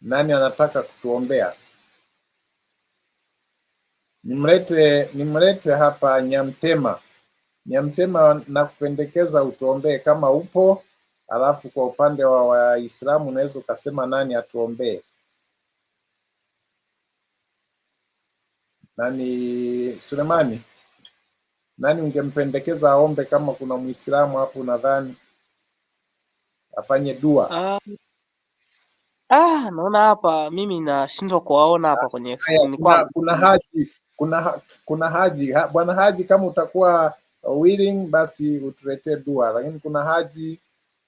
Nani anataka kutuombea? Nimlete, nimlete hapa Nyamtema. Nyamtema, nakupendekeza utuombee kama upo. Alafu kwa upande wa Waislamu unaweza ukasema nani atuombee, nani Sulemani, nani ungempendekeza aombe? Kama kuna Muislamu hapo, nadhani afanye dua um. Ah, naona hapa mimi nashindwa kuwaona hapa kwenye screen kuna, kuna Haji kuna, kuna Haji bwana Haji, kama utakuwa willing basi utuletee dua, lakini kuna Haji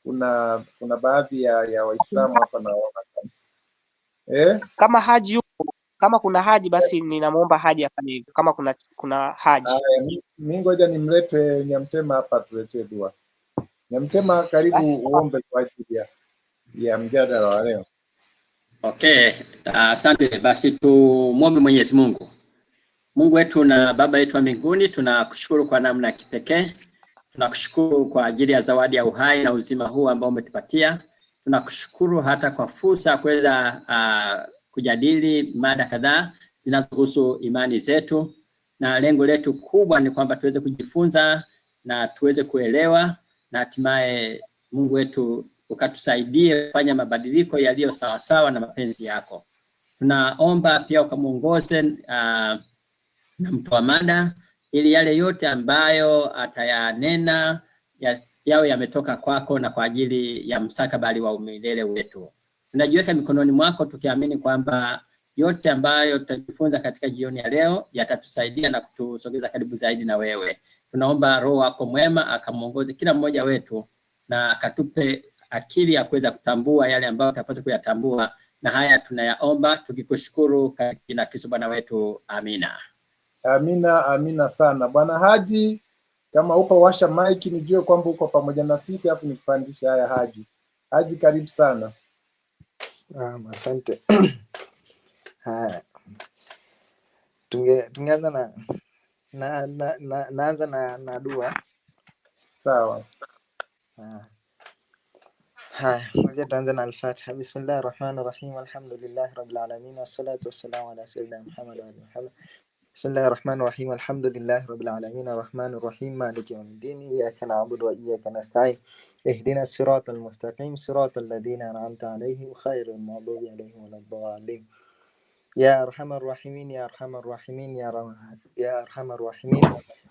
kuna kuna baadhi ya, ya Waislamu hapa naona eh? kama Haji yupo, kama kuna Haji basi yeah. Ninamwomba Haji afanye hivyo kama kuna kuna Haji. Mimi ngoja nimlete Nyamtema hapa tuletee dua. Nyamtema, karibu uombe kwa ajili ya ya mjadala wa leo. Okay, asante. Uh, basi tumwombe Mwenyezi Mungu. Mungu wetu na Baba yetu wa mbinguni, tunakushukuru kwa namna ya kipekee. Tunakushukuru kwa ajili ya zawadi ya uhai na uzima huu ambao umetupatia. Tunakushukuru hata kwa fursa ya kuweza uh, kujadili mada kadhaa zinazohusu imani zetu, na lengo letu kubwa ni kwamba tuweze kujifunza na tuweze kuelewa na hatimaye Mungu wetu ukatusaidie kufanya mabadiliko yaliyo sawasawa na mapenzi yako. Tunaomba pia ukamwongoze uh, na mtoa mada ili yale yote ambayo atayanena ya, yawe yametoka kwako na kwa ajili ya mustakabali wa umilele wetu. Tunajiweka mikononi mwako tukiamini kwamba yote ambayo tutajifunza katika jioni ya leo yatatusaidia na kutusogeza karibu zaidi na wewe. Tunaomba Roho wako mwema akamwongoze kila mmoja wetu na akatupe akili ya kuweza kutambua yale ambayo tunapaswa kuyatambua, na haya tunayaomba tukikushukuru katika jina Kristo Bwana wetu, amina. Amina, amina sana. Bwana Haji, kama upo washa maiki, nijue kwamba uko pamoja na sisi, afu nikupandisha Haya Haji, Haji karibu sana. Ah, asante. Haya, tunge tungeanza na na, na, na naanza na na dua sawa. Ah. ها وجدت عندنا الفاتحة بسم الله الرحمن الرحيم الحمد لله رب العالمين والصلاة والسلام على سيدنا محمد وعلى محمد بسم الله الرحمن الرحيم الحمد لله رب العالمين الرحمن الرحيم مالك يوم الدين إياك نعبد وإياك نستعين اهدنا الصراط المستقيم صراط الذين أنعمت عليهم خير المغضوب عليهم ولا الضالين يا أرحم الراحمين يا أرحم الراحمين يا, رح... يا أرحم الراحمين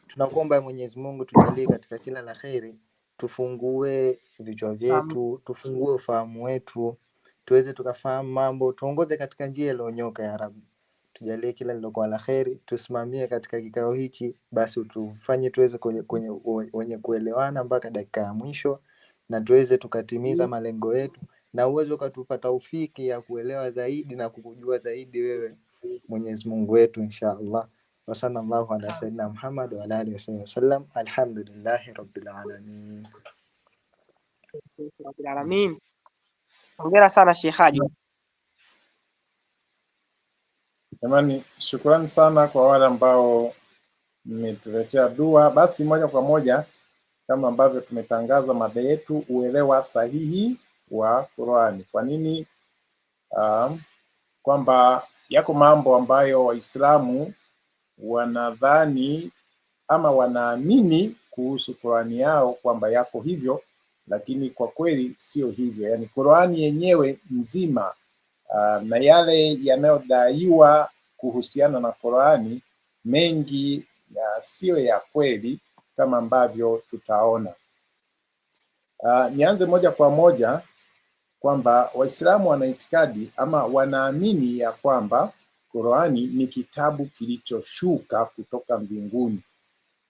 tunakuomba Mwenyezi Mungu tujalie katika kila la kheri tufungue vichwa vyetu, tufungue ufahamu wetu, tuweze tukafahamu mambo, tuongoze katika njia iliyonyoka ya Rabbi, tujalie kila lilokuwa la heri tusimamie katika kikao hichi, basi tufanye tuweze kwenye, kwenye, wenye kuelewana mpaka dakika ya mwisho, na tuweze tukatimiza mm. malengo yetu, na uweze ukatupa taufiki ya kuelewa zaidi na kukujua zaidi wewe, Mwenyezi Mungu wetu, insha Allah wa sallallahu Hongera sana Sheikh Haji. Jamani, shukrani sana kwa wale ambao mmetuletea dua. Basi moja kwa moja kama ambavyo tumetangaza mada yetu, uelewa sahihi wa Qur'ani. Kwa nini? Um, kwamba yako mambo ambayo Waislamu wanadhani ama wanaamini kuhusu Qurani yao kwamba yako hivyo, lakini kwa kweli sio hivyo. Yani Qurani yenyewe nzima uh, na yale yanayodaiwa kuhusiana na Qurani mengi siyo ya kweli kama ambavyo tutaona. Uh, nianze moja kwa moja kwamba Waislamu wana itikadi ama wanaamini ya kwamba Qurani ni kitabu kilichoshuka kutoka mbinguni,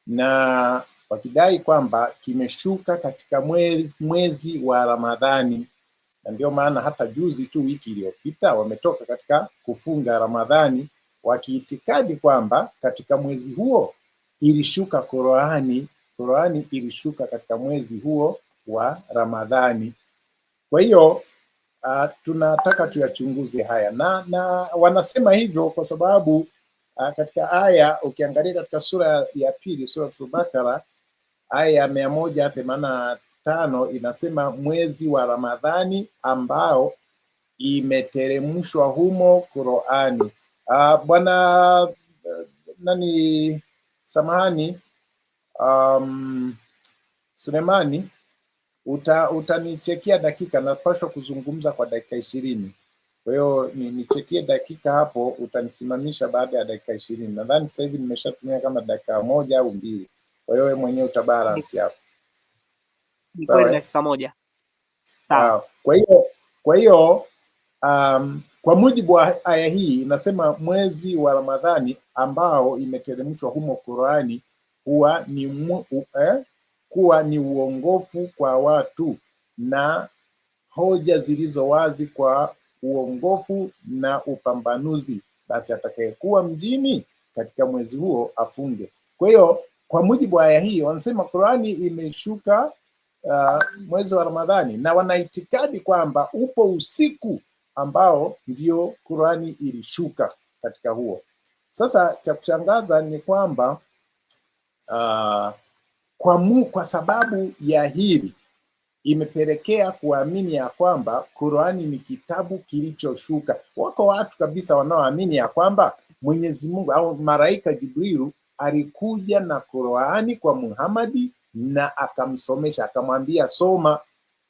na wakidai kwamba kimeshuka katika mwezi, mwezi wa Ramadhani, na ndio maana hata juzi tu wiki iliyopita wametoka katika kufunga Ramadhani wakiitikadi kwamba katika mwezi huo ilishuka Qurani. Qurani ilishuka katika mwezi huo wa Ramadhani. Kwa hiyo uh, tunataka tuyachunguze haya na, na wanasema hivyo kwa sababu uh, katika aya ukiangalia katika sura ya pili Suratul Bakara aya ya mia moja themanini na tano inasema mwezi wa Ramadhani ambao imeteremshwa humo Qurani. Uh, bwana uh, nani samahani um, Sulemani uta, utanichekia dakika, napashwa kuzungumza kwa dakika ishirini. Kwa hiyo nichekie dakika hapo, utanisimamisha baada ya dakika ishirini. Nadhani sasa hivi nimeshatumia kama dakika moja au mbili, kwa hiyo wewe mwenyewe utabalansi hapo. Dakika moja. Sawa. Kwa hiyo kwa hiyo um, kwa mujibu wa aya hii inasema mwezi wa Ramadhani ambao imeteremshwa humo Qurani huwa ni mu, uh, kuwa ni uongofu kwa watu na hoja zilizo wazi kwa uongofu na upambanuzi, basi atakayekuwa mjini katika mwezi huo afunge. Kwa hiyo kwa mujibu wa aya hii wanasema Qurani imeshuka uh, mwezi wa Ramadhani, na wanaitikadi kwamba upo usiku ambao ndio Qurani ilishuka katika huo. Sasa cha kushangaza ni kwamba uh, kwa, mu, kwa sababu ya hili imepelekea kuamini ya kwamba Qur'ani ni kitabu kilichoshuka. Wako watu kabisa wanaoamini ya kwamba Mwenyezi Mungu au malaika Jibrilu alikuja na Qur'ani kwa Muhamadi na akamsomesha akamwambia soma.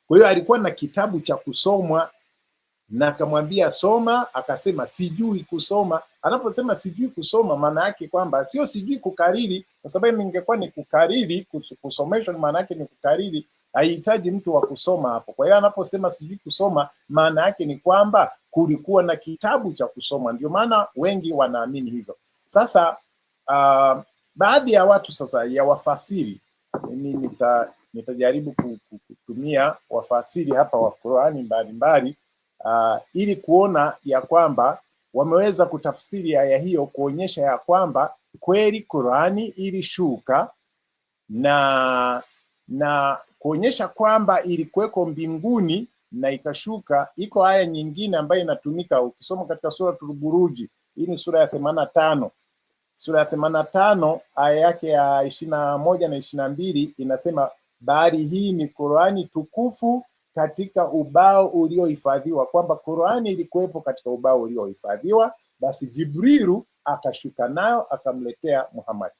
Kwa hiyo alikuwa na kitabu cha kusomwa na akamwambia soma, akasema sijui kusoma. Anaposema sijui kusoma, maana yake kwamba sio sijui kukariri, kwa sababu ningekuwa ni kukariri, kusomeshwa maana yake ni kukariri, haihitaji mtu wa kusoma hapo. Kwa hiyo anaposema sijui kusoma, maana yake ni kwamba kulikuwa na kitabu cha kusoma, ndio maana wengi wanaamini hivyo. Sasa uh, baadhi ya watu sasa ya wafasiri mimi nita, nitajaribu kutumia wafasiri hapa wa Qurani mbalimbali uh, ili kuona ya kwamba wameweza kutafsiri aya hiyo kuonyesha ya kwamba kweli Qurani ilishuka na na kuonyesha kwamba ilikuweko mbinguni na ikashuka. Iko aya nyingine ambayo inatumika ukisoma katika sura Turuburuji, hii ni sura ya themanini na tano sura ya themanini na tano aya yake ya ishirini na moja na ishirini na mbili inasema, bahari hii ni Qurani tukufu katika ubao uliohifadhiwa, kwamba Qurani ilikuwepo katika ubao uliohifadhiwa, basi Jibrilu akashuka nayo akamletea Muhammad.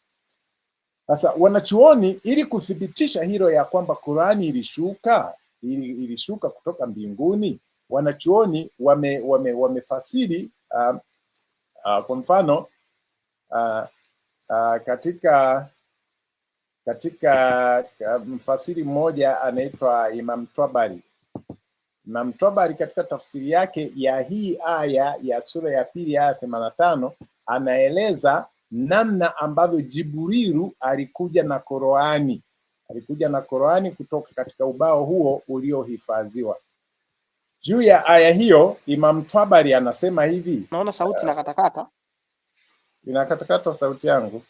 Sasa wanachuoni, ili kuthibitisha hilo ya kwamba Qurani ilishuka ilishuka kutoka mbinguni, wanachuoni wame, wame, wamefasiri uh, uh, kwa mfano uh, uh, katika katika eh, mfasiri mmoja anaitwa Imam Twabari. Imam Twabari katika tafsiri yake ya hii aya ya sura ya pili aya themanini na tano anaeleza namna ambavyo jiburiru alikuja na Qur'ani, alikuja na Qur'ani kutoka katika ubao huo uliohifadhiwa. Juu ya aya hiyo Imam Twabari anasema hivi, naona sauti inakatakata, inakatakata sauti yangu,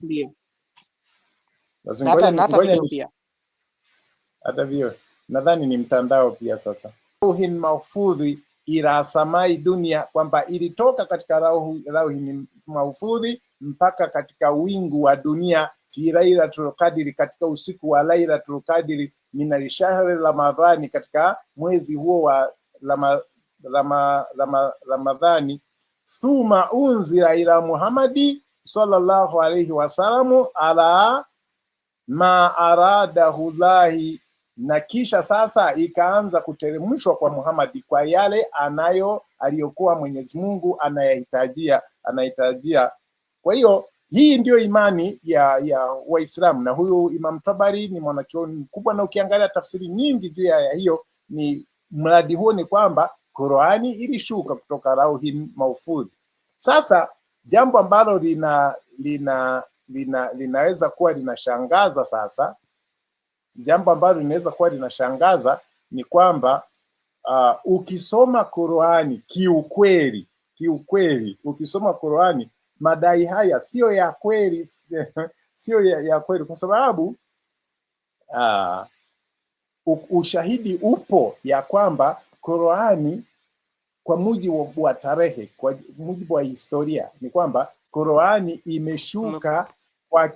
ndio hata vio nadhani ni mtandao pia. Sasa rauhin mahfudhi ila samai dunia, kwamba ilitoka katika rauhin mahfudhi mpaka katika wingu wa dunia, fi lailatul qadri, katika usiku wa lailatul qadri, min Ramadhani, katika mwezi huo wa Ramadhani Rama, Ramadhani thuma unzira ila Muhammadi sallallahu alaihi wasalamu ala ma arada hulahi na kisha sasa ikaanza kuteremshwa kwa Muhammad kwa yale anayo aliyokuwa Mwenyezi Mungu anayahitajia anahitajia. Kwa hiyo hii ndiyo imani ya ya Waislamu, na huyu Imam Tabari ni mwanachuoni mkubwa, na ukiangalia tafsiri nyingi juu ya hiyo ni mradi huo ni kwamba Qurani ilishuka kutoka Lauhi Mahfudh. Sasa jambo ambalo lina lina lina, linaweza kuwa linashangaza sasa. Jambo ambalo linaweza kuwa linashangaza ni kwamba uh, ukisoma Qur'ani kiukweli, kiukweli ukisoma Qur'ani madai haya siyo ya kweli siyo ya, ya kweli kwa sababu uh, ushahidi upo ya kwamba Qur'ani kwa mujibu wa tarehe, kwa mujibu wa historia ni kwamba Qur'ani imeshuka kwa,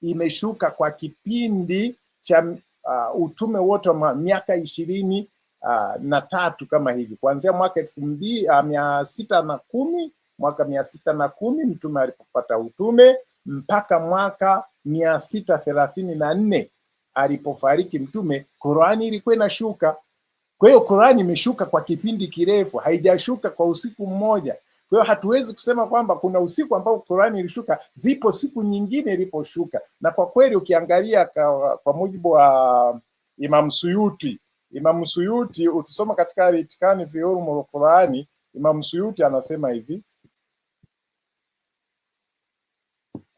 imeshuka kwa kipindi cha uh, utume wote wa miaka ishirini uh, na tatu kama hivi kuanzia mwaka elfu mbili uh, mia sita na kumi mwaka mia sita na kumi mtume alipopata utume mpaka mwaka mia sita thelathini na nne alipofariki mtume, Qurani ilikuwa inashuka. Kwa hiyo Qurani imeshuka kwa kipindi kirefu, haijashuka kwa usiku mmoja. Kwa hiyo hatuwezi kusema kwamba kuna usiku ambao Qurani ilishuka, zipo siku nyingine iliposhuka. Na kwa kweli ukiangalia kwa, kwa mujibu wa Imam Suyuti, Imam Suyuti ukisoma katika Litikani fi Ulumil Qurani, Imam Suyuti anasema hivi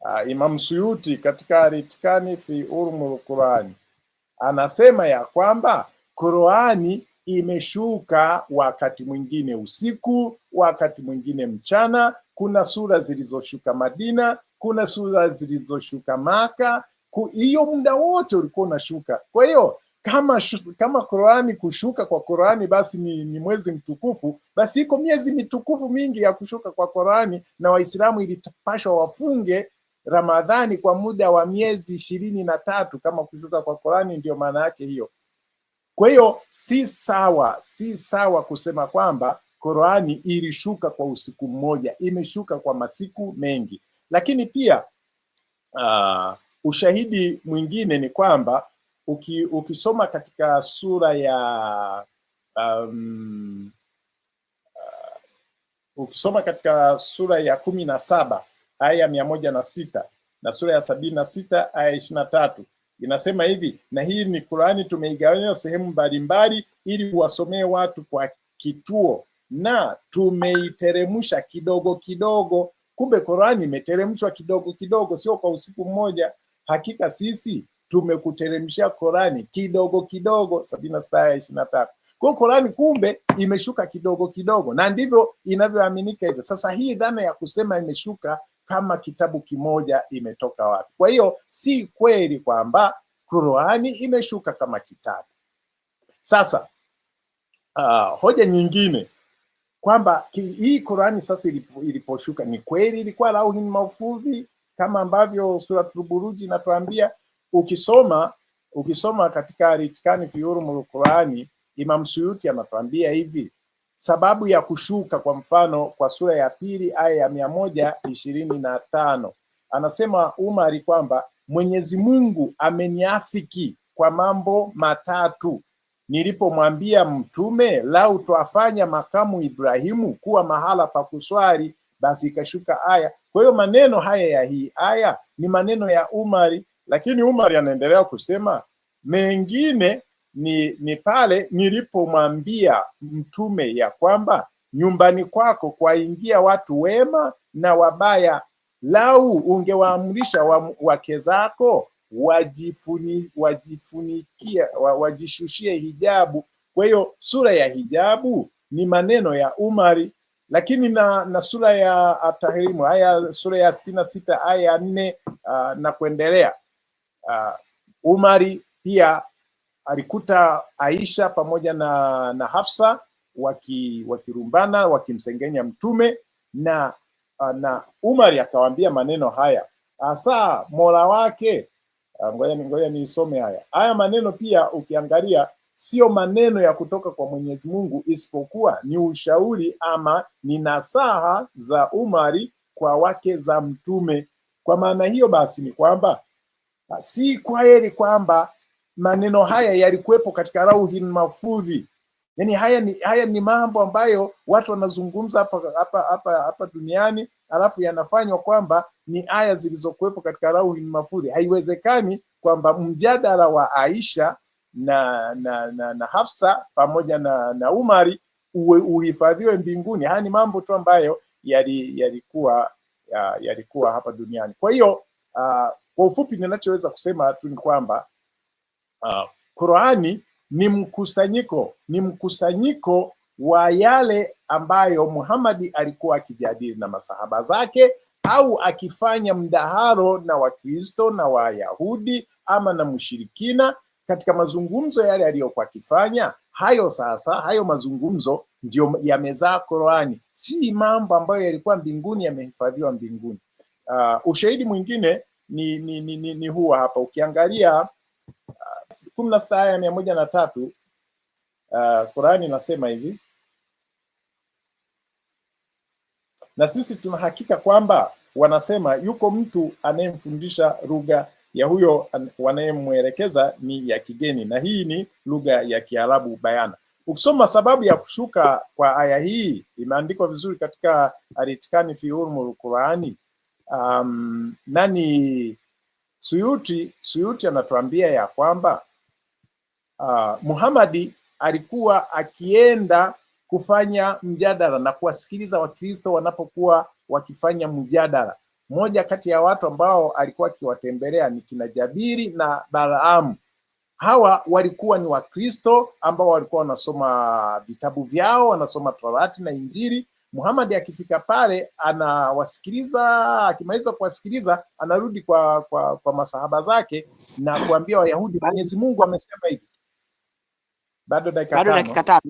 Uh, Imam Suyuti katika Litikani fi Ulumil Qurani anasema ya kwamba Qurani imeshuka wakati mwingine usiku, wakati mwingine mchana. Kuna sura zilizoshuka Madina, kuna sura zilizoshuka Maka. Hiyo muda wote ulikuwa unashuka. Kwa hiyo kama kama Qurani kushuka kwa Qurani basi ni, ni mwezi mtukufu, basi iko miezi mitukufu mingi ya kushuka kwa Qurani, na Waislamu ilipashwa wafunge Ramadhani kwa muda wa miezi ishirini na tatu kama kushuka kwa Qurani, ndio maana yake hiyo. Kwa hiyo si sawa, si sawa kusema kwamba Qurani ilishuka kwa usiku mmoja, imeshuka kwa masiku mengi. Lakini pia uh, ushahidi mwingine ni kwamba uki, ukisoma katika sura ya um, ah, ukisoma katika sura ya kumi na saba aya mia moja na sita na sura ya sabini na sita aya ishirini na tatu inasema hivi, na hii ni Qur'ani tumeigawanya sehemu mbalimbali ili uwasomee watu kwa kituo, na tumeiteremsha kidogo kidogo. Kumbe Qur'ani imeteremshwa kidogo kidogo, sio kwa usiku mmoja. Hakika sisi tumekuteremshia Qur'ani kidogo kidogo, sabini na sita ya ishirini na tatu. Kwa hiyo Qur'ani kumbe imeshuka kidogo kidogo, na ndivyo inavyoaminika hivyo. Sasa hii dhana ya kusema imeshuka kama kitabu kimoja imetoka wapi. Kwa hiyo si kweli kwamba Qur'ani imeshuka kama kitabu. Sasa uh, hoja nyingine kwamba hii Qur'ani sasa ilipo, iliposhuka ni kweli ilikuwa lauhi mahfudhi kama ambavyo Suratul Buruj inatuambia ukisoma ukisoma katika Ritkani fi Qur'ani Imam Suyuti anatuambia hivi sababu ya kushuka kwa mfano kwa sura ya pili aya ya mia moja ishirini na tano anasema Umari kwamba Mwenyezi Mungu ameniafiki kwa mambo matatu nilipomwambia mtume, lau twafanya makamu Ibrahimu kuwa mahala pa kuswali, basi ikashuka aya. Kwa hiyo maneno haya ya hii aya ni maneno ya Umari, lakini Umari anaendelea kusema mengine ni, ni pale nilipomwambia mtume ya kwamba nyumbani kwako kwaingia watu wema na wabaya, lau ungewaamrisha wake zako wajifuni, wajifunikia wajishushie hijabu. Kwa hiyo sura ya hijabu ni maneno ya Umari, lakini na, na sura ya Atahrimu aya sura ya sitini na sita aya ya nne uh, na kuendelea uh, ah, Umari pia alikuta Aisha pamoja na, na Hafsa waki, wakirumbana wakimsengenya Mtume na ah, na Umar akawaambia maneno haya hasa mola wake. Ah, ngoja ngoja niisome haya haya maneno, pia ukiangalia sio maneno ya kutoka kwa Mwenyezi Mungu, isipokuwa ni ushauri ama ni nasaha za Umari kwa wake za Mtume. Kwa maana hiyo basi ni kwamba si kweli kwamba maneno haya yalikuwepo katika Lauhin mafudhi Yani haya ni, haya ni mambo ambayo watu wanazungumza hapa hapa hapa hapa duniani, alafu yanafanywa kwamba ni aya zilizokuwepo katika Lauhin mafudhi Haiwezekani kwamba mjadala wa Aisha na na, na, na Hafsa pamoja na, na Umari uhifadhiwe mbinguni. Haya ni mambo tu ambayo yalikuwa yalikuwa hapa duniani. Kwa hiyo uh, kwa ufupi ninachoweza kusema tu ni kwamba uh, Qurani ni mkusanyiko, ni mkusanyiko wa yale ambayo Muhammad alikuwa akijadili na masahaba zake au akifanya mdaharo na Wakristo na Wayahudi ama na mshirikina katika mazungumzo yale aliyokuwa akifanya. Hayo sasa, hayo mazungumzo ndio yamezaa Qurani, si mambo ambayo yalikuwa mbinguni, yamehifadhiwa mbinguni. Uh, ushahidi mwingine ni, ni, ni, ni, ni huwa hapa ukiangalia kumi na sita aya ya mia moja na tatu uh, Qurani inasema hivi na sisi tunahakika kwamba wanasema yuko mtu anayemfundisha lugha ya huyo wanayemwelekeza ni ya kigeni, na hii ni lugha ya Kiarabu bayana. Ukisoma sababu ya kushuka kwa aya hii imeandikwa vizuri katika Aritkani fi Ulumul Qurani. Um, nani Suyuti, Suyuti anatuambia ya kwamba uh, ah, Muhamadi alikuwa akienda kufanya mjadala na kuwasikiliza Wakristo wanapokuwa wakifanya mjadala. Mmoja kati ya watu ambao alikuwa akiwatembelea ni kina Jabiri na Balaam. Hawa walikuwa ni Wakristo ambao walikuwa wanasoma vitabu vyao, wanasoma Torati na Injili Muhammad akifika pale anawasikiliza, akimaliza kuwasikiliza anarudi kwa, kwa, kwa masahaba zake na kuambia Wayahudi Mwenyezi Mungu amesema hivi. Bado dakika tano.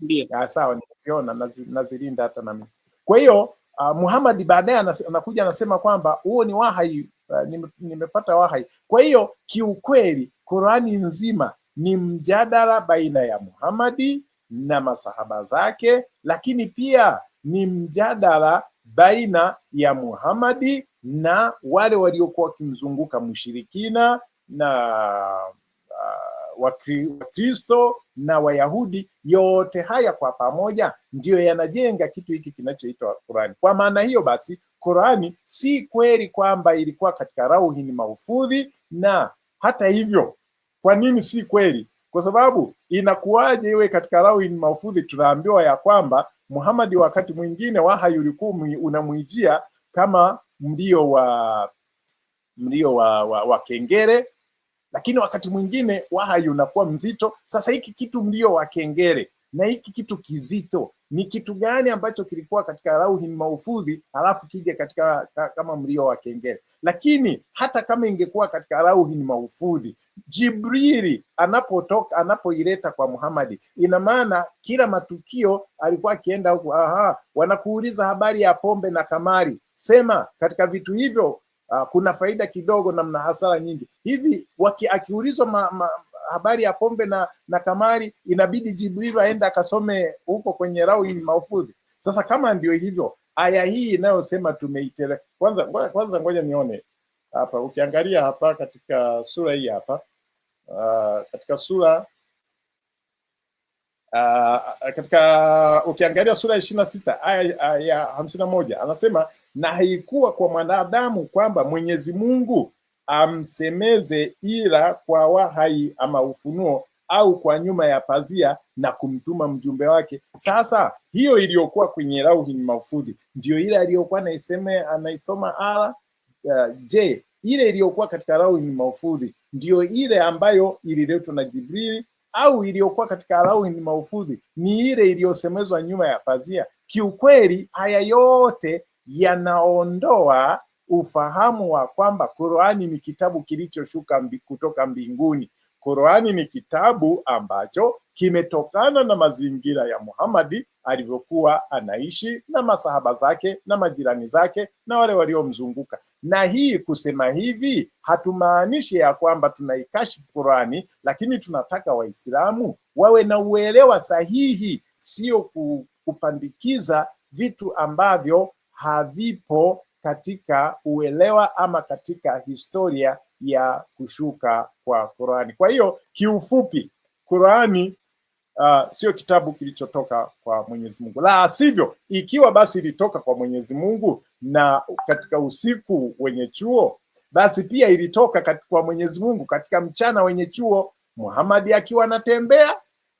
Ndio. Sawa, nimeziona nazilinda hata nami. Kwa hiyo uh, Muhammad baadaye anakuja anasema kwamba huo ni wahai uh, nimepata wahai. Kwa hiyo kiukweli Qurani nzima ni mjadala baina ya Muhammadi na masahaba zake, lakini pia ni mjadala baina ya Muhamadi na wale waliokuwa wakimzunguka mushirikina na uh, Wakristo na Wayahudi. Yote haya kwa pamoja ndiyo yanajenga kitu hiki kinachoitwa Qurani. Kwa maana hiyo basi, Qurani si kweli kwamba ilikuwa katika rauhini mahufudhi, na hata hivyo, kwa nini si kweli? kwa sababu inakuwaje iwe katika lawhin mahfudhi tunaambiwa ya kwamba Muhammad wakati mwingine wahayulikumi unamwijia kama mlio wa mlio wa, wa, wa kengere, lakini wakati mwingine wahayi unakuwa mzito. Sasa hiki kitu mlio wa kengere na hiki kitu kizito ni kitu gani ambacho kilikuwa katika lauhi maufudhi, alafu kija katika kama mlio wa kengele. Lakini hata kama ingekuwa katika lauhi maufudhi, Jibrili anapotoka anapoileta kwa Muhamadi, ina maana kila matukio alikuwa akienda huku. Aha, wanakuuliza habari ya pombe na kamari, sema katika vitu hivyo ah, kuna faida kidogo na mna hasara nyingi. Hivi akiulizwa habari ya pombe na, na kamari, inabidi Jibril aende akasome huko kwenye Lauhul maufudhi Sasa kama ndio hivyo, aya hii inayosema tumeitele kwanza, kwanza ngoja nione hapa. Ukiangalia hapa katika sura hii hapa uh, katika sura Uh, katika ukiangalia sura ishirini na sita aya ya hamsini na moja anasema na haikuwa kwa mwanadamu kwamba Mwenyezi Mungu amsemeze ila kwa wahai ama ufunuo au kwa nyuma ya pazia na kumtuma mjumbe wake. Sasa hiyo iliyokuwa kwenye lauhi mahfudhi ndio ile aliyokuwa anaiseme anaisoma ara. Uh, eh, je, ile iliyokuwa katika lauhi mahfudhi ndio ile ambayo ililetwa na Jibrili au iliyokuwa katika lauhi mahfudhi ni ile iliyosemezwa nyuma ya pazia? Kiukweli haya yote yanaondoa ufahamu wa kwamba Qur'ani ni kitabu kilichoshuka mbi, kutoka mbinguni. Qur'ani ni kitabu ambacho kimetokana na mazingira ya Muhammadi alivyokuwa anaishi na masahaba zake na majirani zake na wale waliomzunguka. Na hii kusema hivi hatumaanishi ya kwamba tunaikashifu Qur'ani, lakini tunataka Waislamu wawe na uelewa sahihi, sio kupandikiza vitu ambavyo havipo katika uelewa ama katika historia ya kushuka kwa Qurani. Kwa hiyo kiufupi, Qurani uh, sio kitabu kilichotoka kwa Mwenyezi Mungu, la sivyo, ikiwa basi ilitoka kwa Mwenyezi Mungu na katika usiku wenye chuo, basi pia ilitoka kwa Mwenyezi Mungu katika mchana wenye chuo, Muhamadi akiwa anatembea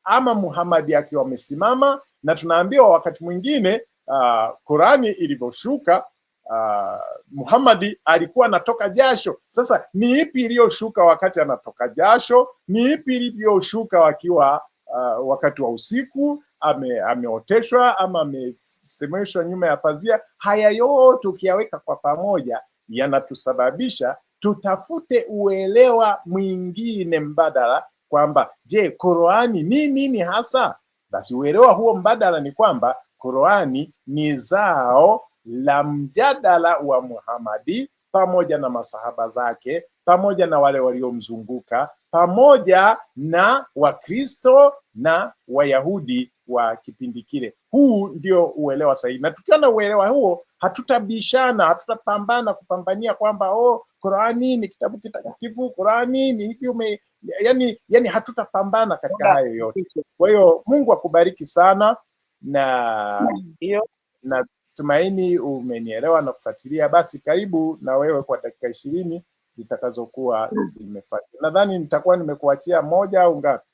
ama Muhamadi akiwa amesimama, na tunaambiwa wakati mwingine uh, Qurani ilivyoshuka uh, Muhamadi alikuwa anatoka jasho. Sasa ni ipi iliyoshuka wakati anatoka jasho? Ni ipi iliyoshuka wakiwa uh, wakati wa usiku ame, ameoteshwa ama amesemeshwa nyuma ya pazia? Haya yote ukiyaweka kwa pamoja yanatusababisha tutafute uelewa mwingine mbadala, kwamba je, Qur'ani ni nini hasa? Basi uelewa huo mbadala ni kwamba Qur'ani ni zao la mjadala wa Muhamadi pamoja na masahaba zake pamoja na wale waliomzunguka pamoja na Wakristo na Wayahudi wa kipindi kile. Huu ndio uelewa sahihi, na tukiwa na uelewa huo hatutabishana, hatutapambana kupambania kwamba oh, Qurani ni kitabu kitakatifu, Qurani ni hivi ume, yani, yani hatutapambana katika hayo yote. Kwa hiyo Mungu akubariki sana na na Tumaini umenielewa na kufuatilia. Basi karibu na wewe kwa dakika ishirini zitakazokuwa hmm. zimefanya. Nadhani nitakuwa nimekuachia moja au ngapi?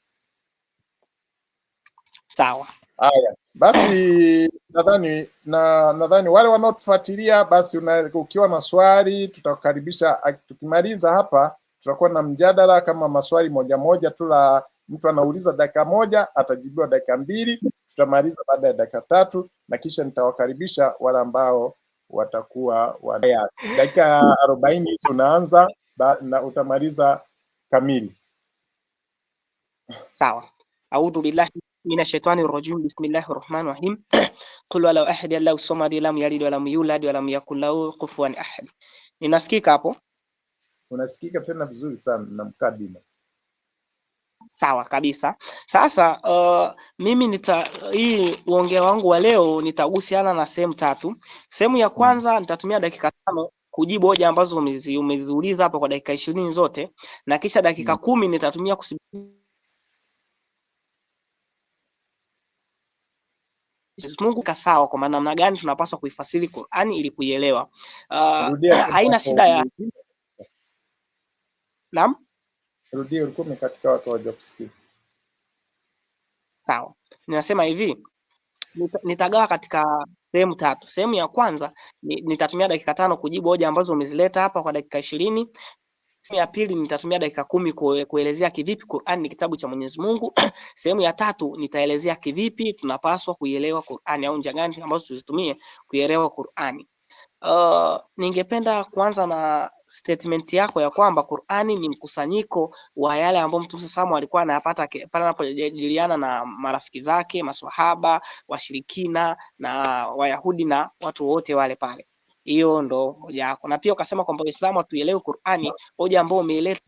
Sawa. Haya basi, nadhani na nadhani wale wanaotufuatilia basi una, ukiwa na swali tutakukaribisha. Tukimaliza hapa, tutakuwa na mjadala kama maswali moja moja tu la Mtu anauliza dakika moja, atajibiwa dakika mbili, tutamaliza baada ya dakika tatu, na kisha nitawakaribisha wale ambao watakuwa wana dakika arobaini tunaanza na utamaliza kamili. Sawa. Audhu billahi mina shaitani rajim bismillahi rahmani rahim qul walau ahadi allahu samadi lam yalid walam yulad walam yakul lahu kufuwan ahad. Ninasikika hapo? Unasikika tena vizuri sana na mkadima Sawa kabisa. Sasa uh, mimi nita hii uongea wangu wa leo nitagusiana na sehemu tatu. Sehemu ya kwanza mm. nitatumia dakika tano kujibu hoja ambazo umezi, umeziuliza hapo kwa dakika ishirini zote na kisha dakika mm. kumi nitatumia kusimulia Mungu ka sawa, kwa maana namna gani tunapaswa kuifasiri Qur'ani ili kuielewa. Uh, haina shida ya Naam. Rudie, ulikuwa umekatika watu hawajakusikia. Sawa, ninasema hivi, nitagawa katika sehemu tatu. Sehemu ya kwanza nitatumia dakika tano kujibu hoja ambazo umezileta hapa kwa dakika ishirini. Sehemu ya pili nitatumia dakika kumi kuelezea kivipi Qur'an ni kitabu cha Mwenyezi Mungu. Sehemu ya tatu nitaelezea kivipi tunapaswa kuielewa Qur'an au njia gani ambazo tuzitumie kuielewa qurani Uh, ningependa kuanza na statement yako ya kwamba Qur'ani ni mkusanyiko wa yale ambayo Mtume Muhammad alikuwa anayapata pale anapojadiliana na marafiki zake, maswahaba, washirikina na Wayahudi na watu wote wale pale. Hiyo ndo hoja yako, na pia ukasema kwamba Uislamu hatuelewi Qur'ani, hoja ambayo umeileta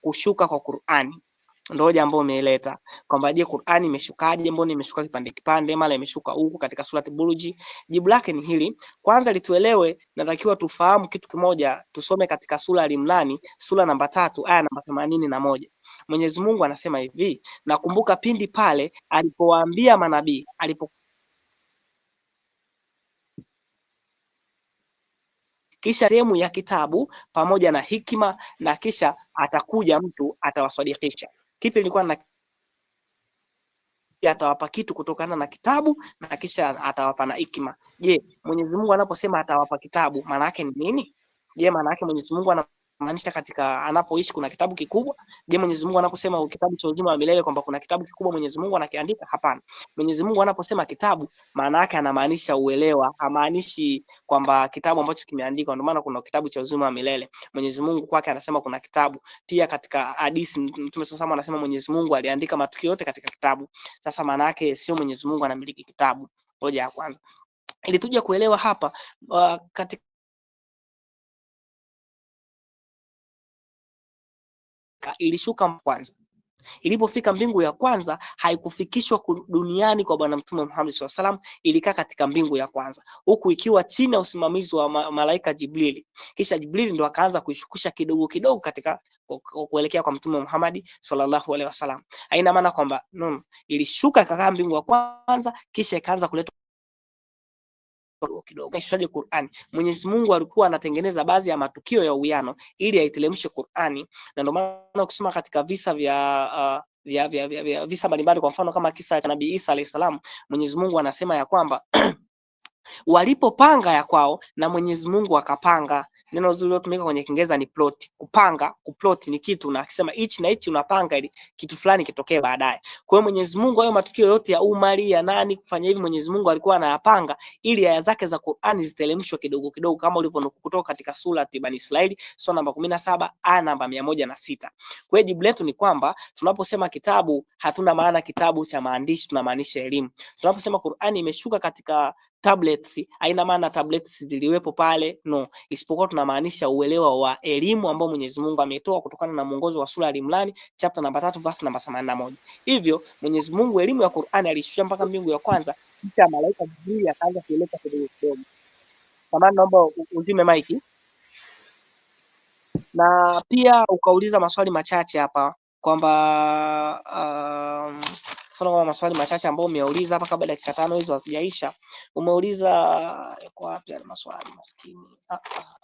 kushuka kwa Qur'ani. Ndio jambo umeileta kwamba je, Qur'an imeshukaje? Mbona imeshuka kipande kipande, mara imeshuka huku katika surati Buruji? Jibu lake ni hili. Kwanza lituelewe, natakiwa tufahamu kitu kimoja. Tusome katika sura Al-Imran, sura namba tatu aya namba themanini na moja. Mwenyezi Mungu anasema hivi, nakumbuka pindi pale alipowaambia manabii alipo kisha sehemu ya kitabu pamoja na hikima, na kisha atakuja mtu atawasadikisha. Kipi alikuwa na atawapa kitu kutokana na kitabu na kisha atawapa na hikima Je, Mwenyezi Mungu anaposema atawapa kitabu maana yake ni nini? Je, maana yake Mwenyezi Mungu ana maanisha katika anapoishi kuna kitabu kikubwa. Je, Mwenyezi Mungu anaposema kitabu cha uzima wa milele kwamba kuna kitabu kikubwa Mwenyezi Mungu anakiandika? Hapana. Mwenyezi Mungu anaposema kitabu, maana yake anamaanisha uelewa, hamaanishi kwamba kitabu ambacho kimeandikwa. Ndio maana kuna kitabu cha uzima wa milele. Mwenyezi Mungu kwake anasema kuna kitabu. Pia katika hadithi Mtume SAW anasema Mwenyezi Mungu aliandika matukio yote katika kitabu. Sasa maana yake sio Mwenyezi Mungu anamiliki kitabu. Hoja ya kwanza ili tuje kuelewa hapa uh, katika malaika ilishuka kwanza. Ilipofika mbingu ya kwanza, haikufikishwa duniani kwa Bwana Mtume Muhammad sallallahu salam ilikaa katika mbingu ya kwanza, huku ikiwa chini ya usimamizi wa ma malaika Jibrili. Kisha Jibrili ndo akaanza kuishukisha kidogo kidogo katika kuelekea kwa Mtume Muhammad sallallahu alaihi wasallam. Haina maana kwamba nono, ilishuka ikakaa mbingu ya kwanza, kisha ikaanza kuleta kidogo kidogo. Kaishaje Qur'ani? Mwenyezi Mungu alikuwa anatengeneza baadhi ya matukio ya uwiano ili aitelemshe Qur'ani, na ndio maana ukisoma katika visa vya uh, vya, vya, vya, vya visa mbalimbali, kwa mfano kama kisa cha Nabii Isa alayhi Mwenyezi Mungu anasema ya kwamba walipopanga ya kwao na Mwenyezi Mungu akapanga. Neno zuri lilotumika kwenye Kiingereza ni plot. Kupanga, kuplot ni kitu na akisema hichi na hichi unapanga ili kitu fulani kitokee baadaye. Kwa hiyo Mwenyezi Mungu hayo matukio yote ya Umari ya nani kufanya hivi Mwenyezi Mungu alikuwa anayapanga ili aya zake za Qur'ani zitelemshwe kidogo kidogo kama ulivyonukuu kutoka katika sura Bani Israili sura namba 17 aya namba 106. Kwa hiyo jibu letu ni kwamba tunaposema kitabu hatuna maana kitabu cha maandishi tunamaanisha elimu. Tunaposema Qur'ani imeshuka katika tablets haina maana tablets ziliwepo pale, no, isipokuwa tunamaanisha uelewa wa elimu ambao Mwenyezi Mungu ametoa kutokana na mwongozo wa sura Al-Imran chapter namba tatu verse namba themanini na moja. Hivyo Mwenyezi Mungu elimu ya Qur'an alishusha mpaka mbingu ya kwanza, kisha malaika Jibril akaanza kueleza kidogo kidogo. Samahani, naomba uzime maiki na pia ukauliza maswali machache hapa kwamba um, mfano kama maswali machache ambayo umeuliza hapa kabla dakika tano hizo hazijaisha, umeuliza eh, kwa wapi yale maswali maskini. Ah, ah, ah.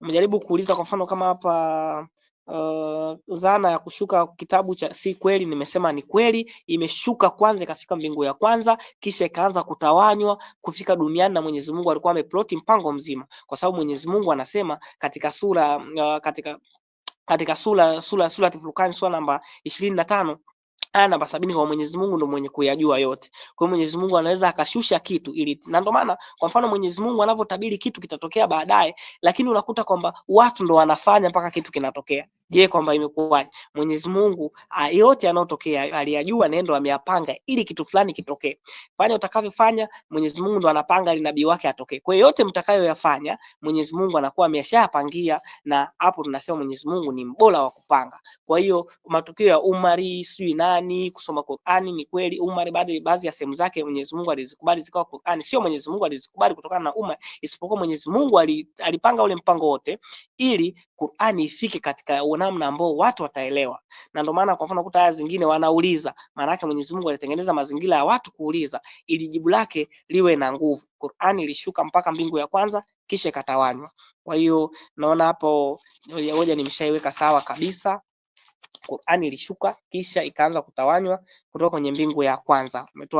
Umejaribu kuuliza kwa mfano kama hapa Uh, zana ya kushuka kitabu cha si kweli, nimesema ni kweli. Imeshuka kwanza ikafika mbingu ya kwanza, kisha ikaanza kutawanywa kufika duniani, na Mwenyezi Mungu alikuwa ameploti mpango mzima, kwa sababu Mwenyezi Mungu anasema katika sura uh, katika katika sura sura sura Furqan sura namba ishirini na tano aya namba sabini kwa Mwenyezi Mungu ndo mwenye kuyajua yote. Kwa hiyo Mwenyezi Mungu anaweza akashusha kitu ili, na ndio maana kwa mfano Mwenyezi Mungu anavyotabiri kitu kitatokea baadaye, lakini unakuta kwamba watu ndo wanafanya mpaka kitu kinatokea. Je, kwamba imekuwa Mwenyezi Mungu ah, yote yanayotokea aliyajua, nendo ameyapanga ili kitu fulani kitokee. Fanya utakavyofanya, Mwenyezi Mungu ndo anapanga ili nabii wake atokee. Kwa hiyo yote mtakayoyafanya, Mwenyezi Mungu anakuwa ameshayapangia, na hapo tunasema Mwenyezi Mungu ni mbora wa kupanga. Kwa hiyo matukio ya Umari sijui nani kusoma Qur'ani, ni kweli Umari baada baadhi ya sehemu zake Mwenyezi Mungu alizikubali zikawa Qur'ani, sio Mwenyezi Mungu alizikubali kutokana na Umari, isipokuwa Mwenyezi Mungu alipanga ule mpango wote ili Qur'ani ifike katika namna ambao watu wataelewa. Na ndio maana kwa mfano kuta aya zingine wanauliza, maana yake Mwenyezi Mungu alitengeneza mazingira ya watu kuuliza ili jibu lake liwe na nguvu. Qur'ani ilishuka mpaka mbingu ya kwanza kisha ikatawanywa. Kwa hiyo naona hapo hoja nimeshaiweka sawa kabisa. Qur'ani ilishuka kisha ikaanza kutawanywa kutoka kwenye mbingu ya kwanza.